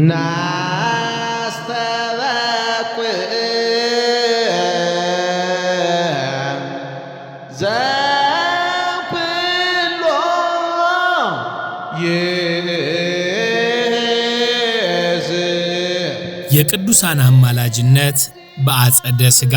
ናስተበቅ ዘኩሎ የቅዱሳን አማላጅነት በአጸደ ሥጋ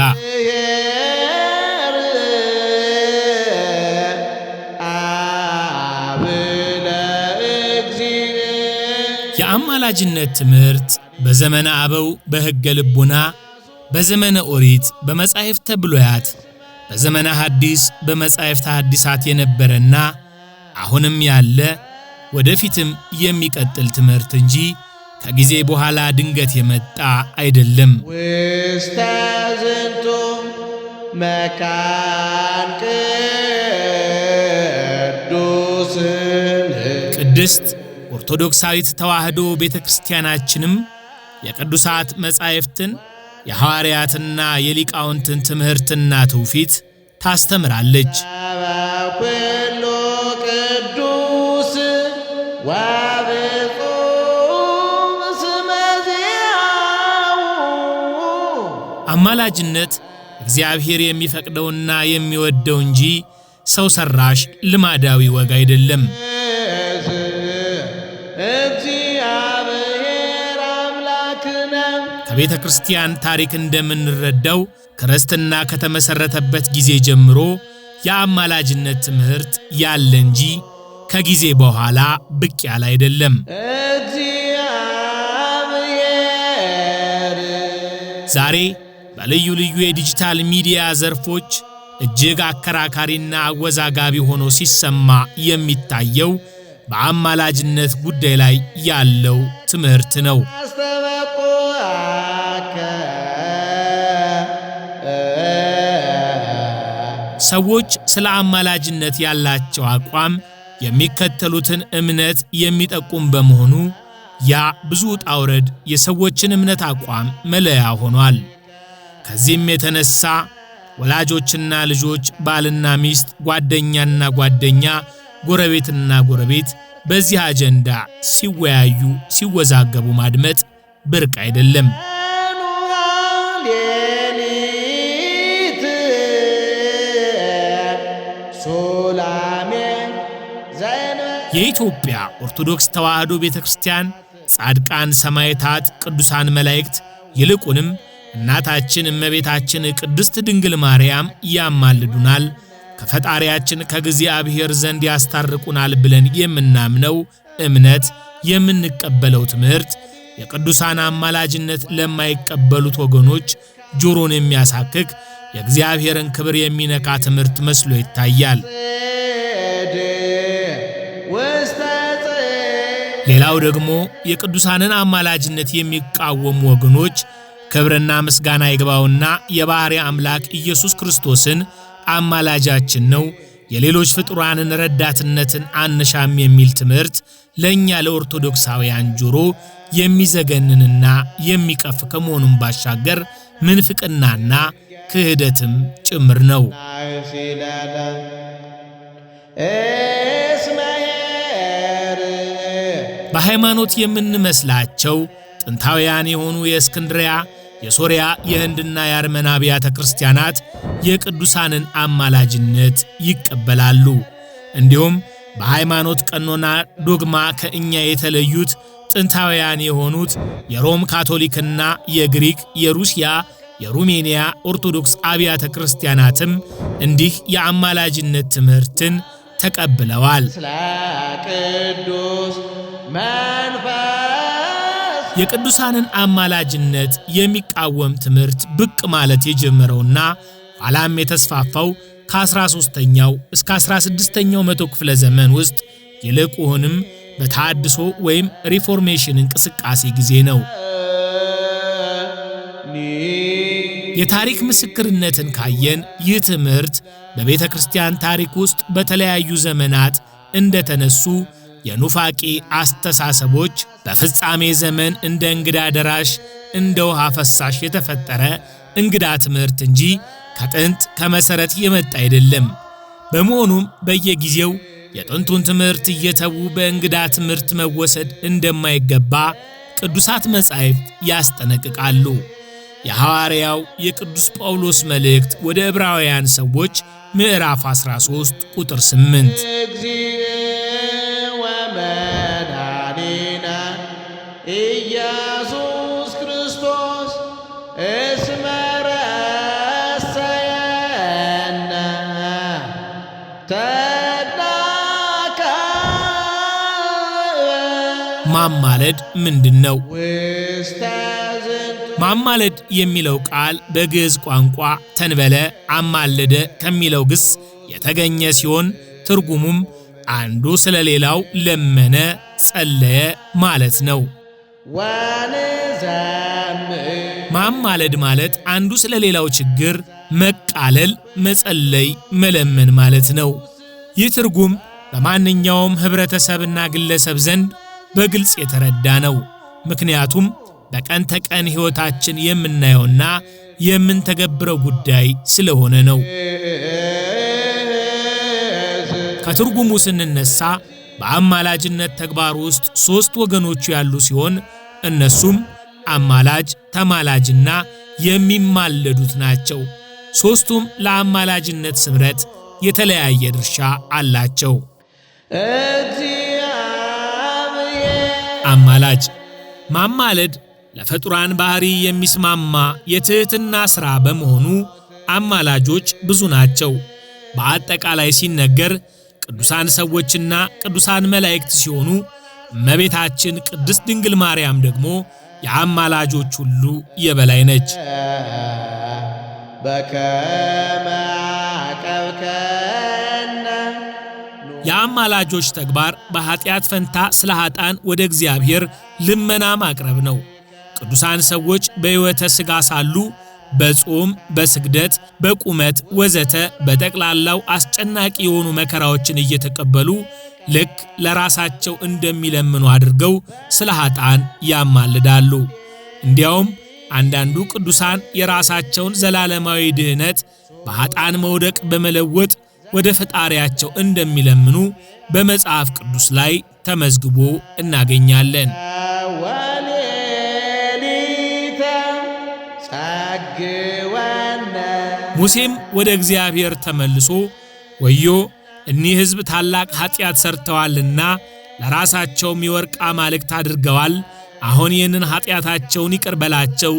የአማላጅነት ትምህርት በዘመነ አበው በሕገ ልቡና፣ በዘመነ ኦሪት በመጻሕፍተ ብሉያት፣ በዘመነ ሐዲስ በመጻሕፍተ ሐዲሳት የነበረና አሁንም ያለ ወደፊትም የሚቀጥል ትምህርት እንጂ ከጊዜ በኋላ ድንገት የመጣ አይደለም። ውስተ ዝንቱ መካን ቅዱስን ቅድስት ኦርቶዶክሳዊት ተዋህዶ ቤተ ክርስቲያናችንም የቅዱሳት መጻሕፍትን የሐዋርያትና የሊቃውንትን ትምህርትና ትውፊት ታስተምራለች። አማላጅነት እግዚአብሔር የሚፈቅደውና የሚወደው እንጂ ሰው ሰራሽ ልማዳዊ ወግ አይደለም። ከቤተ ክርስቲያን ታሪክ እንደምንረዳው ክርስትና ከተመሠረተበት ጊዜ ጀምሮ የአማላጅነት ትምህርት ያለ እንጂ ከጊዜ በኋላ ብቅ ያለ አይደለም። ዛሬ በልዩ ልዩ የዲጂታል ሚዲያ ዘርፎች እጅግ አከራካሪና አወዛጋቢ ሆኖ ሲሰማ የሚታየው በአማላጅነት ጉዳይ ላይ ያለው ትምህርት ነው። ሰዎች ስለ አማላጅነት ያላቸው አቋም የሚከተሉትን እምነት የሚጠቁም በመሆኑ ያ ብዙ ውጣ ውረድ የሰዎችን እምነት አቋም መለያ ሆኗል። ከዚህም የተነሳ ወላጆችና ልጆች፣ ባልና ሚስት፣ ጓደኛና ጓደኛ፣ ጎረቤትና ጎረቤት በዚህ አጀንዳ ሲወያዩ ሲወዛገቡ ማድመጥ ብርቅ አይደለም። የኢትዮጵያ ኦርቶዶክስ ተዋሕዶ ቤተ ክርስቲያን ጻድቃን፣ ሰማዕታት፣ ቅዱሳን መላእክት ይልቁንም እናታችን እመቤታችን ቅድስት ድንግል ማርያም ያማልዱናል፣ ከፈጣሪያችን ከእግዚአብሔር ዘንድ ያስታርቁናል ብለን የምናምነው እምነት የምንቀበለው ትምህርት የቅዱሳን አማላጅነት ለማይቀበሉት ወገኖች ጆሮን የሚያሳክክ የእግዚአብሔርን ክብር የሚነካ ትምህርት መስሎ ይታያል። ሌላው ደግሞ የቅዱሳንን አማላጅነት የሚቃወሙ ወገኖች ክብርና ምስጋና ይግባውና የባሕርይ አምላክ ኢየሱስ ክርስቶስን አማላጃችን ነው፣ የሌሎች ፍጡራንን ረዳትነትን አንሻም የሚል ትምህርት ለእኛ ለኦርቶዶክሳውያን ጆሮ የሚዘገንንና የሚቀፍ ከመሆኑን ባሻገር ምንፍቅናና ክህደትም ጭምር ነው። በሃይማኖት የምንመስላቸው ጥንታውያን የሆኑ የእስክንድሪያ፣ የሶሪያ፣ የህንድና የአርመና አብያተ ክርስቲያናት የቅዱሳንን አማላጅነት ይቀበላሉ። እንዲሁም በሃይማኖት ቀኖና ዶግማ ከእኛ የተለዩት ጥንታውያን የሆኑት የሮም ካቶሊክና የግሪክ፣ የሩሲያ፣ የሩሜንያ ኦርቶዶክስ አብያተ ክርስቲያናትም እንዲህ የአማላጅነት ትምህርትን ተቀብለዋል። የቅዱሳንን አማላጅነት የሚቃወም ትምህርት ብቅ ማለት የጀመረውና ኋላም የተስፋፋው ከ13ኛው እስከ 16ኛው መቶ ክፍለ ዘመን ውስጥ ይልቁንም በታድሶ ወይም ሪፎርሜሽን እንቅስቃሴ ጊዜ ነው። የታሪክ ምስክርነትን ካየን ይህ ትምህርት በቤተ ክርስቲያን ታሪክ ውስጥ በተለያዩ ዘመናት እንደተነሱ የኑፋቂ አስተሳሰቦች በፍጻሜ ዘመን እንደ እንግዳ ደራሽ እንደ ውሃ ፈሳሽ የተፈጠረ እንግዳ ትምህርት እንጂ ከጥንት ከመሠረት የመጣ አይደለም። በመሆኑም በየጊዜው የጥንቱን ትምህርት እየተዉ በእንግዳ ትምህርት መወሰድ እንደማይገባ ቅዱሳት መጻሕፍት ያስጠነቅቃሉ። የሐዋርያው የቅዱስ ጳውሎስ መልእክት ወደ ዕብራውያን ሰዎች ምዕራፍ 13 ቁጥር 8 ኢየሱስ ክርስቶስ እስመ ረሰየነ ተድላከ። ማማለድ ምንድን ነው? ማማለድ የሚለው ቃል በግዕዝ ቋንቋ ተንበለ፣ አማለደ ከሚለው ግስ የተገኘ ሲሆን ትርጉሙም አንዱ ስለሌላው ለመነ፣ ጸለየ ማለት ነው። ማማለድ ማለት አንዱ ስለ ሌላው ችግር መቃለል፣ መጸለይ፣ መለመን ማለት ነው። ይህ ትርጉም በማንኛውም ኅብረተሰብና ግለሰብ ዘንድ በግልጽ የተረዳ ነው። ምክንያቱም በቀን ተቀን ሕይወታችን የምናየውና የምንተገብረው ጉዳይ ስለሆነ ነው። ከትርጉሙ ስንነሳ በአማላጅነት ተግባር ውስጥ ሦስት ወገኖቹ ያሉ ሲሆን እነሱም አማላጅ፣ ተማላጅና የሚማለዱት ናቸው። ሦስቱም ለአማላጅነት ስምረት የተለያየ ድርሻ አላቸው። አማላጅ ማማለድ ለፍጡራን ባህሪ የሚስማማ የትህትና ሥራ በመሆኑ አማላጆች ብዙ ናቸው። በአጠቃላይ ሲነገር ቅዱሳን ሰዎችና ቅዱሳን መላእክት ሲሆኑ እመቤታችን ቅድስት ድንግል ማርያም ደግሞ የአማላጆች ሁሉ የበላይ ነች። የአማላጆች ተግባር በኃጢአት ፈንታ ስለ ኃጣን ወደ እግዚአብሔር ልመና ማቅረብ ነው። ቅዱሳን ሰዎች በሕይወተ ሥጋ ሳሉ በጾም በስግደት በቁመት ወዘተ በጠቅላላው አስጨናቂ የሆኑ መከራዎችን እየተቀበሉ ልክ ለራሳቸው እንደሚለምኑ አድርገው ስለ ኃጣን ያማልዳሉ። እንዲያውም አንዳንዱ ቅዱሳን የራሳቸውን ዘላለማዊ ድህነት በኃጣን መውደቅ በመለወጥ ወደ ፈጣሪያቸው እንደሚለምኑ በመጽሐፍ ቅዱስ ላይ ተመዝግቦ እናገኛለን። ሙሴም ወደ እግዚአብሔር ተመልሶ ወዮ እኒህ ሕዝብ ታላቅ ኀጢአት ሠርተዋልና ለራሳቸውም የወርቅ አማልክት አድርገዋል። አሁን ይህንን ኀጢአታቸውን ይቅር በላቸው፣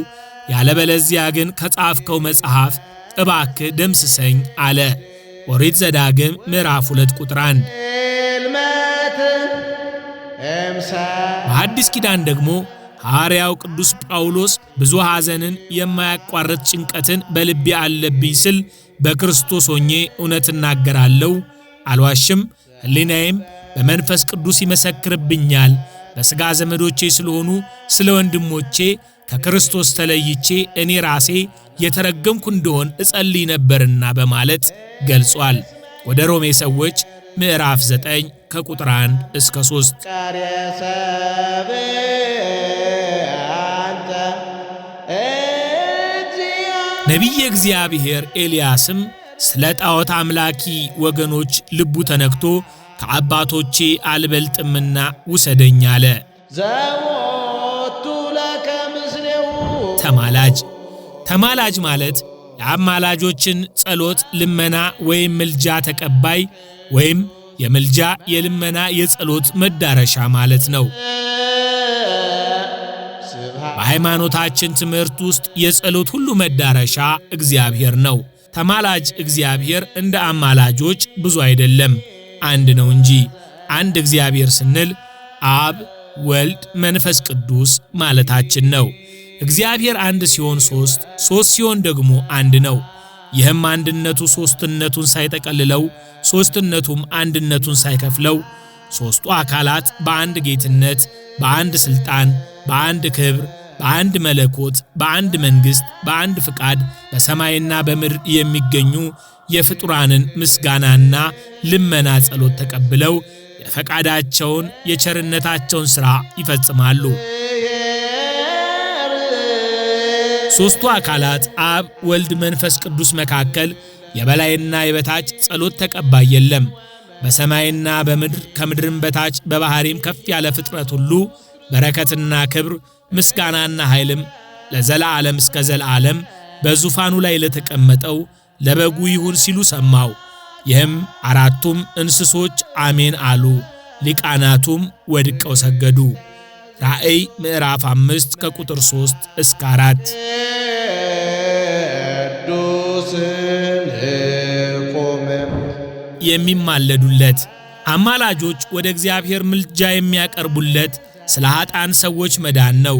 ያለበለዚያ ግን ከጻፍከው መጽሐፍ እባክህ ደምስሰኝ አለ። ኦሪት ዘዳግም ምዕራፍ 2 ቁጥር 1። በአዲስ ኪዳን ደግሞ ሐዋርያው ቅዱስ ጳውሎስ ብዙ ሐዘንን የማያቋርጥ ጭንቀትን በልቤ አለብኝ ስል በክርስቶስ ሆኜ እውነት እናገራለሁ፣ አልዋሽም፣ ሕሊናዬም በመንፈስ ቅዱስ ይመሰክርብኛል። በሥጋ ዘመዶቼ ስለሆኑ ስለ ወንድሞቼ ከክርስቶስ ተለይቼ እኔ ራሴ የተረገምኩ እንደሆን እጸልይ ነበርና በማለት ገልጿል። ወደ ሮሜ ሰዎች ምዕራፍ 9 ከቁጥር 1 እስከ 3 ነቢየ እግዚአብሔር ኤልያስም ስለ ጣዖት አምላኪ ወገኖች ልቡ ተነክቶ ከአባቶቼ አልበልጥምና ውሰደኝ አለ። ተማላጅ ተማላጅ ማለት የአማላጆችን ጸሎት ልመና ወይም ምልጃ ተቀባይ ወይም የምልጃ የልመና የጸሎት መዳረሻ ማለት ነው። በሃይማኖታችን ትምህርት ውስጥ የጸሎት ሁሉ መዳረሻ እግዚአብሔር ነው። ተማላጅ እግዚአብሔር እንደ አማላጆች ብዙ አይደለም፣ አንድ ነው እንጂ። አንድ እግዚአብሔር ስንል አብ፣ ወልድ፣ መንፈስ ቅዱስ ማለታችን ነው። እግዚአብሔር አንድ ሲሆን ሶስት፣ ሶስት ሲሆን ደግሞ አንድ ነው። ይህም አንድነቱ ሶስትነቱን ሳይጠቀልለው ሦስትነቱም አንድነቱን ሳይከፍለው ሦስቱ አካላት በአንድ ጌትነት፣ በአንድ ሥልጣን፣ በአንድ ክብር፣ በአንድ መለኮት፣ በአንድ መንግሥት፣ በአንድ ፍቃድ በሰማይና በምድር የሚገኙ የፍጡራንን ምስጋናና ልመና ጸሎት ተቀብለው የፈቃዳቸውን የቸርነታቸውን ሥራ ይፈጽማሉ። ሦስቱ አካላት አብ፣ ወልድ፣ መንፈስ ቅዱስ መካከል የበላይና የበታች ጸሎት ተቀባይ የለም። በሰማይና በምድር ከምድርም በታች በባሕሪም ከፍ ያለ ፍጥረት ሁሉ በረከትና ክብር ምስጋናና ኃይልም ለዘላለም እስከ ዘላለም በዙፋኑ ላይ ለተቀመጠው ለበጉ ይሁን ሲሉ ሰማው። ይህም አራቱም እንስሶች አሜን አሉ። ሊቃናቱም ወድቀው ሰገዱ። ራእይ ምዕራፍ አምስት ከቁጥር ሦስት እስከ አራት የሚማለዱለት፣ አማላጆች ወደ እግዚአብሔር ምልጃ የሚያቀርቡለት ስለ ኀጣን ሰዎች መዳን ነው።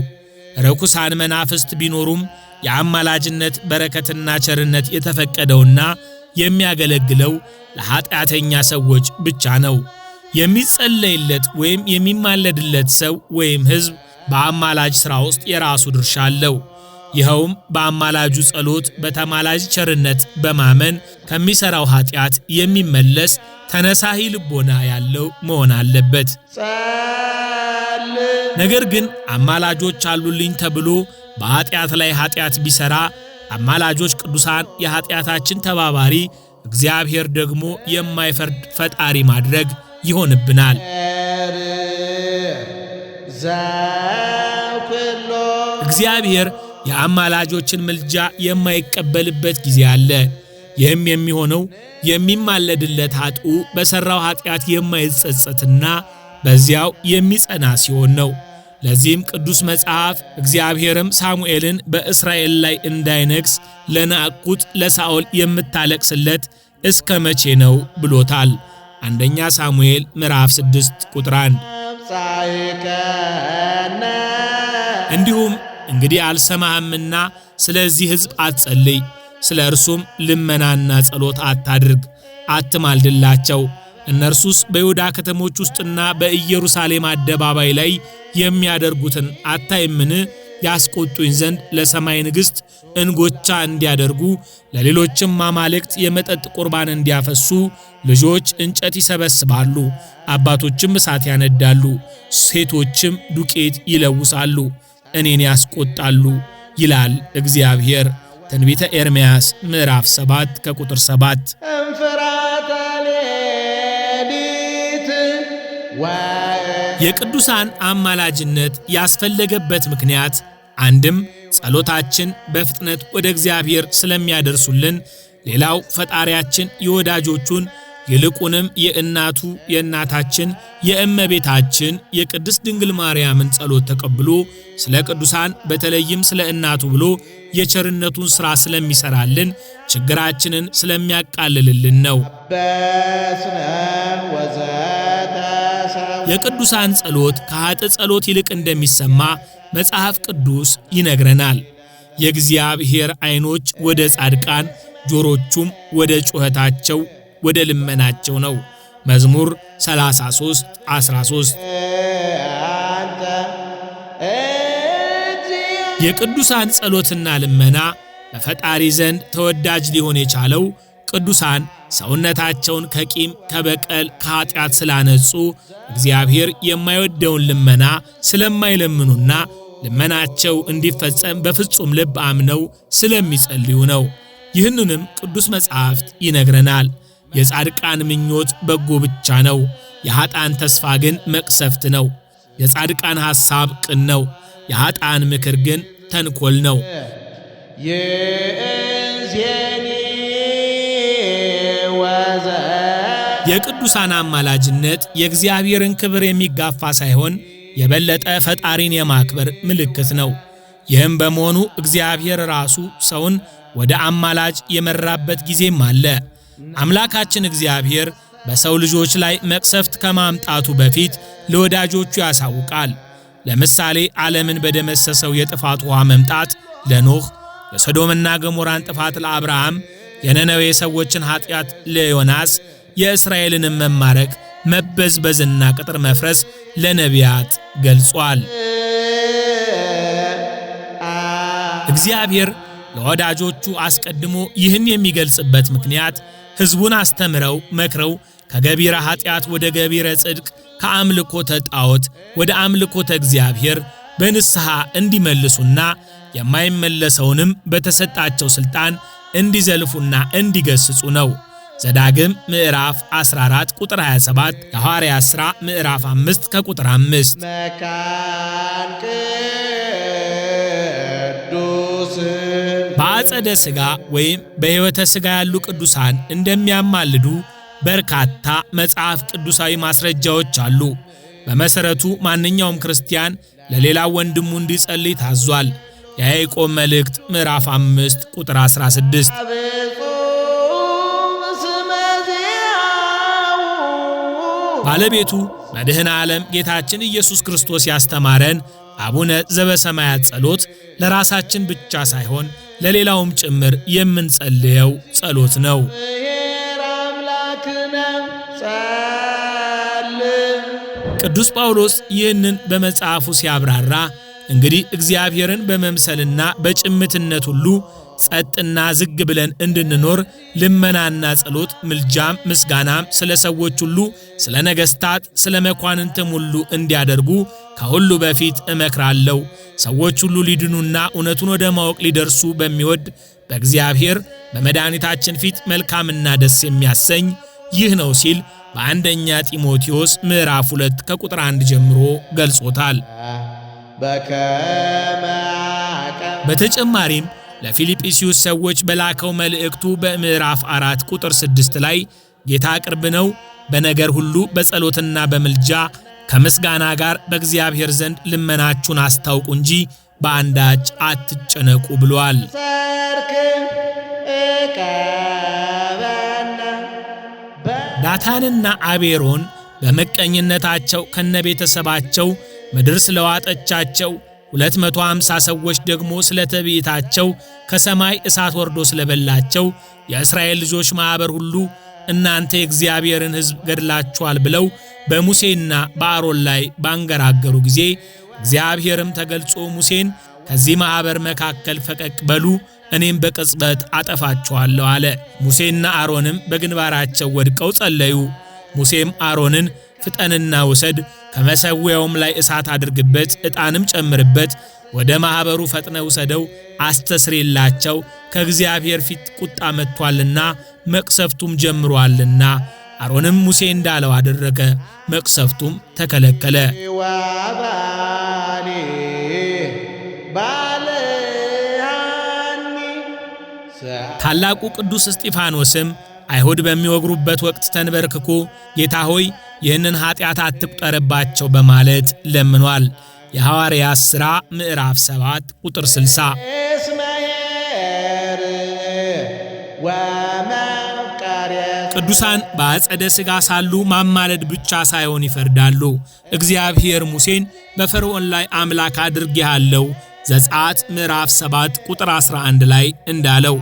ርኩሳን መናፍስት ቢኖሩም የአማላጅነት በረከትና ቸርነት የተፈቀደውና የሚያገለግለው ለኀጢአተኛ ሰዎች ብቻ ነው። የሚጸለይለት ወይም የሚማለድለት ሰው ወይም ሕዝብ በአማላጅ ሥራ ውስጥ የራሱ ድርሻ አለው። ይኸውም በአማላጁ ጸሎት በተማላጅ ቸርነት በማመን ከሚሠራው ኀጢአት የሚመለስ ተነሳሂ ልቦና ያለው መሆን አለበት። ነገር ግን አማላጆች አሉልኝ ተብሎ በኀጢአት ላይ ኀጢአት ቢሠራ አማላጆች ቅዱሳን የኀጢአታችን ተባባሪ እግዚአብሔር ደግሞ የማይፈርድ ፈጣሪ ማድረግ ይሆንብናል። እግዚአብሔር የአማላጆችን ምልጃ የማይቀበልበት ጊዜ አለ። ይህም የሚሆነው የሚማለድለት ኃጥኡ በሠራው ኃጢአት የማይጸጸትና በዚያው የሚጸና ሲሆን ነው። ለዚህም ቅዱስ መጽሐፍ እግዚአብሔርም ሳሙኤልን በእስራኤል ላይ እንዳይነግስ ለናቁት ለሳኦል የምታለቅስለት እስከ መቼ ነው ብሎታል። አንደኛ ሳሙኤል ምዕራፍ 6 ቁጥር 1። እንዲሁም እንግዲህ አልሰማህምና ስለዚህ ሕዝብ አትጸልይ፣ ስለ እርሱም ልመናና ጸሎት አታድርግ፣ አትማልድላቸው። እነርሱስ በይሁዳ ከተሞች ውስጥና በኢየሩሳሌም አደባባይ ላይ የሚያደርጉትን አታይምን? ያስቆጡኝ ዘንድ ለሰማይ ንግሥት እንጎቻ እንዲያደርጉ ለሌሎችም አማልክት የመጠጥ ቁርባን እንዲያፈሱ ልጆች እንጨት ይሰበስባሉ፣ አባቶችም እሳት ያነዳሉ፣ ሴቶችም ዱቄት ይለውሳሉ። እኔን ያስቆጣሉ ይላል እግዚአብሔር። ትንቢተ ኤርምያስ ምዕራፍ 7 ከቁጥር 7 የቅዱሳን አማላጅነት ያስፈለገበት ምክንያት አንድም ጸሎታችን በፍጥነት ወደ እግዚአብሔር ስለሚያደርሱልን፣ ሌላው ፈጣሪያችን የወዳጆቹን ይልቁንም የእናቱ የእናታችን የእመቤታችን የቅድስት ድንግል ማርያምን ጸሎት ተቀብሎ ስለ ቅዱሳን በተለይም ስለ እናቱ ብሎ የቸርነቱን ሥራ ስለሚሠራልን ችግራችንን ስለሚያቃልልልን ነው። የቅዱሳን ጸሎት ከኃጥ ጸሎት ይልቅ እንደሚሰማ መጽሐፍ ቅዱስ ይነግረናል። የእግዚአብሔር ዐይኖች ወደ ጻድቃን ጆሮቹም ወደ ጩኸታቸው ወደ ልመናቸው ነው። መዝሙር 33 13 የቅዱሳን ጸሎትና ልመና በፈጣሪ ዘንድ ተወዳጅ ሊሆን የቻለው ቅዱሳን ሰውነታቸውን ከቂም፣ ከበቀል፣ ከኃጢአት ስላነጹ እግዚአብሔር የማይወደውን ልመና ስለማይለምኑና ልመናቸው እንዲፈጸም በፍጹም ልብ አምነው ስለሚጸልዩ ነው። ይህንንም ቅዱስ መጽሐፍት ይነግረናል። የጻድቃን ምኞት በጎ ብቻ ነው፣ የኀጣን ተስፋ ግን መቅሰፍት ነው። የጻድቃን ሐሳብ ቅን ነው፣ የኀጣን ምክር ግን ተንኮል ነው። የቅዱሳን አማላጅነት የእግዚአብሔርን ክብር የሚጋፋ ሳይሆን የበለጠ ፈጣሪን የማክበር ምልክት ነው። ይህም በመሆኑ እግዚአብሔር ራሱ ሰውን ወደ አማላጅ የመራበት ጊዜም አለ። አምላካችን እግዚአብሔር በሰው ልጆች ላይ መቅሰፍት ከማምጣቱ በፊት ለወዳጆቹ ያሳውቃል። ለምሳሌ ዓለምን በደመሰሰው የጥፋት ውሃ መምጣት ለኖህ፣ የሶዶምና ገሞራን ጥፋት ለአብርሃም፣ የነነዌ ሰዎችን ኀጢአት ለዮናስ፣ የእስራኤልንም መማረክ መበዝበዝና ቅጥር መፍረስ ለነቢያት ገልጿል። እግዚአብሔር ለወዳጆቹ አስቀድሞ ይህን የሚገልጽበት ምክንያት ሕዝቡን አስተምረው መክረው ከገቢረ ኃጢአት ወደ ገቢረ ጽድቅ ከአምልኮተ ጣዖት ወደ አምልኮተ እግዚአብሔር በንስሐ እንዲመልሱና የማይመለሰውንም በተሰጣቸው ሥልጣን እንዲዘልፉና እንዲገስጹ ነው። ዘዳግም ምዕራፍ 14 ቁጥር 27 የሐዋርያት ሥራ ምዕራፍ 5 ከቁጥር 5 በአጸደ ሥጋ ወይም በሕይወተ ሥጋ ያሉ ቅዱሳን እንደሚያማልዱ በርካታ መጽሐፍ ቅዱሳዊ ማስረጃዎች አሉ። በመሠረቱ ማንኛውም ክርስቲያን ለሌላው ወንድሙ እንዲጸልይ ታዟል። የያዕቆብ መልእክት ምዕራፍ 5 ቁጥር 16 ባለቤቱ መድህን ዓለም ጌታችን ኢየሱስ ክርስቶስ ያስተማረን አቡነ ዘበሰማያት ጸሎት ለራሳችን ብቻ ሳይሆን ለሌላውም ጭምር የምንጸልየው ጸሎት ነው። ቅዱስ ጳውሎስ ይህንን በመጽሐፉ ሲያብራራ እንግዲህ እግዚአብሔርን በመምሰልና በጭምትነት ሁሉ ጸጥና ዝግ ብለን እንድንኖር ልመናና ጸሎት፣ ምልጃም ምስጋናም ስለ ሰዎች ሁሉ፣ ስለ ነገሥታት፣ ስለ መኳንንትም ሁሉ እንዲያደርጉ ከሁሉ በፊት እመክራለሁ። ሰዎች ሁሉ ሊድኑና እውነቱን ወደ ማወቅ ሊደርሱ በሚወድ በእግዚአብሔር በመድኃኒታችን ፊት መልካምና ደስ የሚያሰኝ ይህ ነው ሲል በአንደኛ ጢሞቴዎስ ምዕራፍ 2 ከቁጥር 1 ጀምሮ ገልጾታል። በተጨማሪም ለፊልጵስዩስ ሰዎች በላከው መልእክቱ በምዕራፍ አራት ቁጥር ስድስት ላይ ጌታ ቅርብ ነው፣ በነገር ሁሉ በጸሎትና በምልጃ ከምስጋና ጋር በእግዚአብሔር ዘንድ ልመናችሁን አስታውቁ እንጂ በአንዳች አትጨነቁ ብሏል። ዳታንና አቤሮን በመቀኝነታቸው ከነቤተሰባቸው ምድር ስለዋጠቻቸው ሁለት መቶ ሰዎች ደግሞ ስለ ትዕቢታቸው ከሰማይ እሳት ወርዶ ስለበላቸው የእስራኤል ልጆች ማኅበር ሁሉ እናንተ የእግዚአብሔርን ሕዝብ ገድላችኋል ብለው በሙሴና በአሮን ላይ ባንገራገሩ ጊዜ እግዚአብሔርም ተገልጾ ሙሴን ከዚህ ማኅበር መካከል ፈቀቅ በሉ እኔም በቅጽበት አጠፋችኋለሁ አለ። ሙሴና አሮንም በግንባራቸው ወድቀው ጸለዩ። ሙሴም አሮንን ፍጠንና ውሰድ፣ ከመሠዊያውም ላይ እሳት አድርግበት፣ ዕጣንም ጨምርበት፣ ወደ ማኅበሩ ፈጥነ ውሰደው፣ አስተስሬላቸው፣ ከእግዚአብሔር ፊት ቁጣ መጥቶአልና መቅሰፍቱም ጀምሮአልና። አሮንም ሙሴ እንዳለው አደረገ፣ መቅሰፍቱም ተከለከለ። ታላቁ ቅዱስ እስጢፋኖስም አይሁድ በሚወግሩበት ወቅት ተንበርክኮ ጌታ ሆይ ይህንን ኀጢአት አትቁጠርባቸው በማለት ለምኗል። የሐዋርያ ሥራ ምዕራፍ 7 ቁጥር 60። ቅዱሳን በአጸደ ሥጋ ሳሉ ማማለድ ብቻ ሳይሆን ይፈርዳሉ። እግዚአብሔር ሙሴን በፈርዖን ላይ አምላክ አድርጌሃለሁ ዘጸአት ምዕራፍ 7 ቁጥር 11 ላይ እንዳለው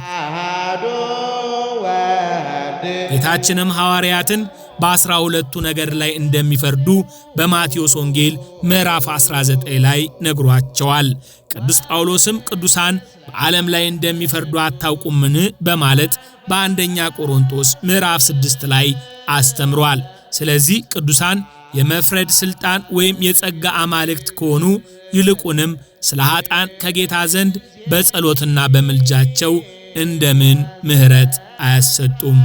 ጌታችንም ሐዋርያትን በአስራ ሁለቱ ነገር ላይ እንደሚፈርዱ በማቴዎስ ወንጌል ምዕራፍ 19 ላይ ነግሯቸዋል። ቅዱስ ጳውሎስም ቅዱሳን በዓለም ላይ እንደሚፈርዱ አታውቁምን? በማለት በአንደኛ ቆሮንቶስ ምዕራፍ 6 ላይ አስተምሯል። ስለዚህ ቅዱሳን የመፍረድ ሥልጣን ወይም የጸጋ አማልክት ከሆኑ ይልቁንም ስለ ኀጣን ከጌታ ዘንድ በጸሎትና በምልጃቸው እንደምን ምሕረት አያሰጡም?